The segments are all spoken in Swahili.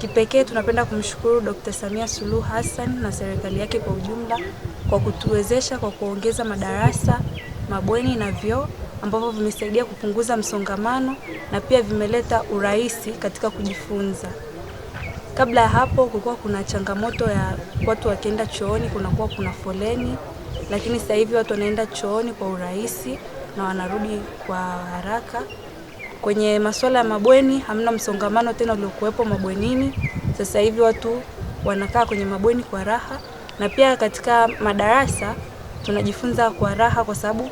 Kipekee tunapenda kumshukuru Dr. Samia Suluhu Hassan na serikali yake kwa ujumla kwa kutuwezesha kwa kuongeza madarasa, mabweni na vyoo ambavyo vimesaidia kupunguza msongamano na pia vimeleta urahisi katika kujifunza. Kabla ya hapo kulikuwa kuna changamoto ya watu wakienda chooni kunakuwa kuna foleni, lakini sasa hivi watu wanaenda chooni kwa urahisi na wanarudi kwa haraka. Kwenye masuala ya mabweni hamna msongamano tena uliokuwepo mabwenini. Sasa hivi watu wanakaa kwenye mabweni kwa raha, na pia katika madarasa tunajifunza kwa raha, kwa sababu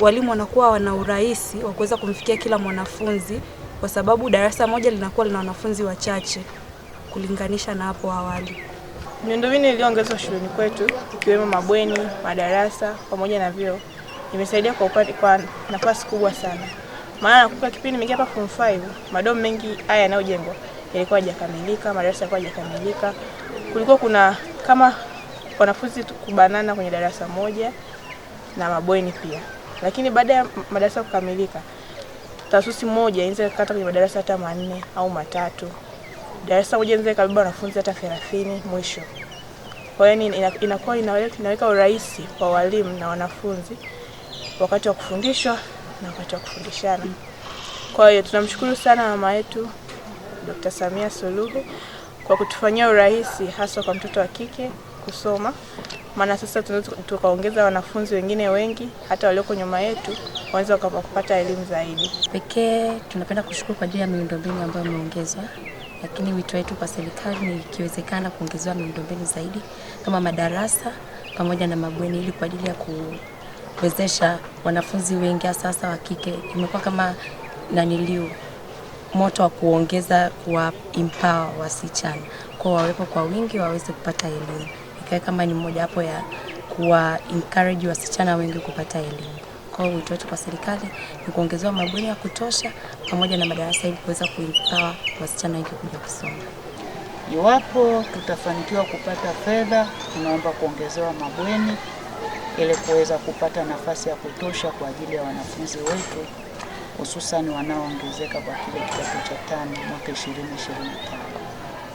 walimu wanakuwa wana urahisi wa kuweza kumfikia kila mwanafunzi, kwa sababu darasa moja linakuwa lina wanafunzi wachache kulinganisha na hapo awali. Miundombinu iliyoongezwa shuleni kwetu ikiwemo mabweni, madarasa pamoja na vyoo imesaidia kwa, kwa nafasi kubwa sana maana nakumbuka kipindi nimeingia hapa form 5 madom mengi haya yanayojengwa yalikuwa hajakamilika, madarasa yalikuwa hajakamilika. Kulikuwa kuna kama wanafunzi kubanana kwenye darasa moja na mabweni pia, lakini baada ya madarasa kukamilika, taasisi moja inaweza kukata kwenye madarasa hata manne au matatu. Darasa moja inaweza kabeba wanafunzi hata 30 mwisho. Kwa hiyo inakuwa inaweka urahisi kwa walimu na wanafunzi wakati wa kufundishwa na wakati wa kufundishana. Kwa hiyo tunamshukuru sana mama yetu Dr. Samia Suluhu kwa kutufanyia urahisi hasa kwa mtoto wa kike kusoma, maana sasa tunaweza tukaongeza wanafunzi wengine wengi hata walioko nyuma yetu waweza kupata elimu zaidi. Pekee tunapenda kushukuru kwa ajili ya miundombinu ambayo imeongezwa, lakini wito wetu kwa serikali ni ikiwezekana kuongezewa miundombinu zaidi kama madarasa pamoja na mabweni ili kwa ajili ya ku kuwezesha wanafunzi wengi sasa wa kike, imekuwa kama naniliu moto wa kuongeza wa empower wasichana kwa wawepo kwa wingi waweze kupata elimu, ikae kama ni hapo ya kuwa encourage wasichana wengi kupata elimu. Kwa hiyo wito wetu kwa serikali ni kuongezewa mabweni ya kutosha pamoja na madarasa ili kuweza kuempower wasichana wengi kuja kusoma. Iwapo tutafanikiwa kupata fedha, tunaomba kuongezewa mabweni ili kuweza kupata nafasi ya kutosha kwa ajili ya wanafunzi wetu hususan wanaoongezeka kwa kile kidato cha tano mwaka 2025.